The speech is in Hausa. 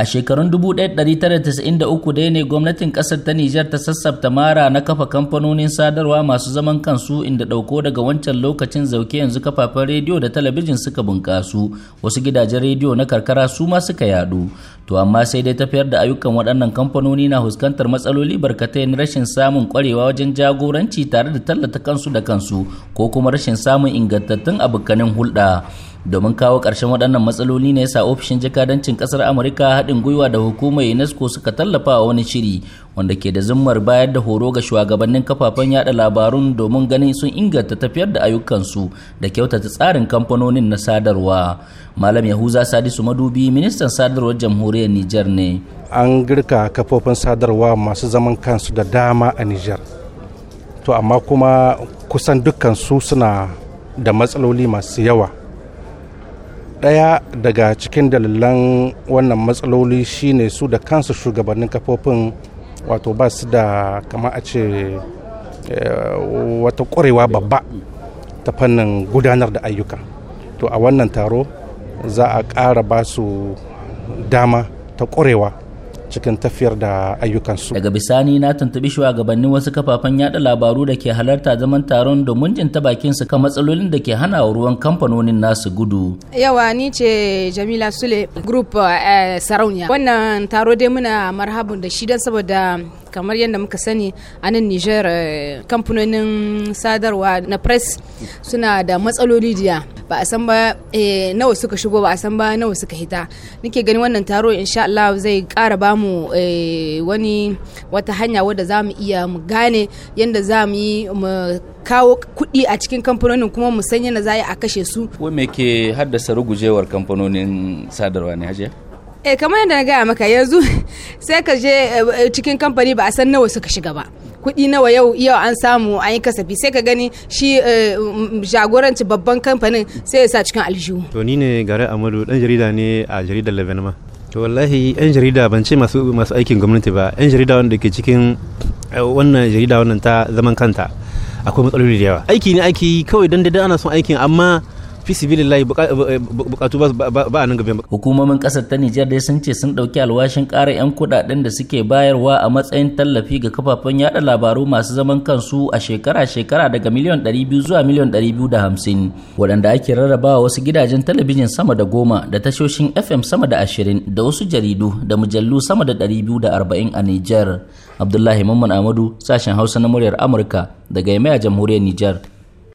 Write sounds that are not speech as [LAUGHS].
a shekarun 1993 dai ne gwamnatin ƙasar ta Nijar ta sassafta mara na kafa kamfanonin sadarwa masu zaman kansu inda ɗauko daga wancan lokacin zauke yanzu kafafen rediyo da talabijin suka bunƙasu wasu gidajen rediyo na karkara su ma suka yadu to amma sai dai tafiyar da ayyukan waɗannan kamfanoni na fuskantar matsaloli barkatai na rashin samun ƙwarewa wajen jagoranci tare da tallata kansu da kansu ko kuma rashin samun ingantattun abokanin hulɗa domin kawo ƙarshen waɗannan matsaloli ne yasa ofishin jakadancin ƙasar amurka haɗin gwiwa da hukumar unesco suka tallafa wani shiri wanda ke da zimmar bayar da horo ga shugabannin kafafen yada labarun domin ganin sun inganta tafiyar da ayyukansu da kyautata tsarin kamfanonin na sadarwa malam yahuza sadisu madubi ministan sadarwar jamhuriyar nijar ne an girka kafofin sadarwa masu zaman kansu da dama a nijar to amma kuma kusan dukkan su suna da matsaloli masu yawa ɗaya daga cikin dalilan wannan matsaloli shine su da kansu shugabannin kafofin wato ba su da kama a ce eh, wata ƙwarewa babba ta fannin gudanar da ayyuka to a wannan taro za a ƙara ba su dama ta ƙwarewa cikin tafiyar da ayyukansu. Daga bisani na tuntubi shugabannin wasu kafafen yada labaru da ke halarta zaman taron domin jin ta bakin su kan matsalolin da ke hana ruwan kamfanonin nasu gudu. Yawa ni ce Jamila Sule Group eh, Sarauniya. Wannan taro dai muna marhabun da shi don saboda kamar yadda muka sani a nan Niger eh, kamfanonin sadarwa na press suna da matsaloli diya ba a san ba eh, nawa suka shigo ba a san ba nawa suka hita nake gani wannan taro insha Allah zai kara ba mu eh, wani wata hanya wadda za mu iya mu gane yadda za mu yi mu kawo kuɗi a cikin kamfanonin kuma mu san yadda za a kashe su wai me ke haddasa rugujewar kamfanonin sadarwa ne hajiya eh kamar yadda na gaya maka yanzu [LAUGHS] sai ka je eh, cikin kamfani ba a san nawa suka shiga ba kuɗi nawa yau yau an samu an yi kasafi sai ka gani shi eh, mm, jagoranci babban kamfanin sai ya sa cikin aljihu to ni ne gare amadu ɗan jarida ne a jaridar lebanon to wallahi ɗan jarida ban ce masu masu aikin gwamnati ba ɗan jarida wanda ke cikin eh, wannan jarida wannan ta zaman kanta akwai matsaloli da yawa aiki ne aiki kawai dan da ana son aikin amma fi layi eh, eh, bukatu ba nan gaban hukumomin kasar ta Nijar dai sun ce sun dauki alwashin kara yan kudaden da suke bayarwa a matsayin tallafi ga kafafen yada labaru masu zaman kansu a shekara shekara daga miliyan 200 zuwa miliyan 250 waɗanda ake rarrabawa wasu gidajen talabijin sama da goma da tashoshin FM sama da 20 da wasu jaridu da mujallu sama da 240 a Nijar Abdullahi Mamman Amadu sashen Hausa na muryar Amurka daga yamma jamhuriyar Nijar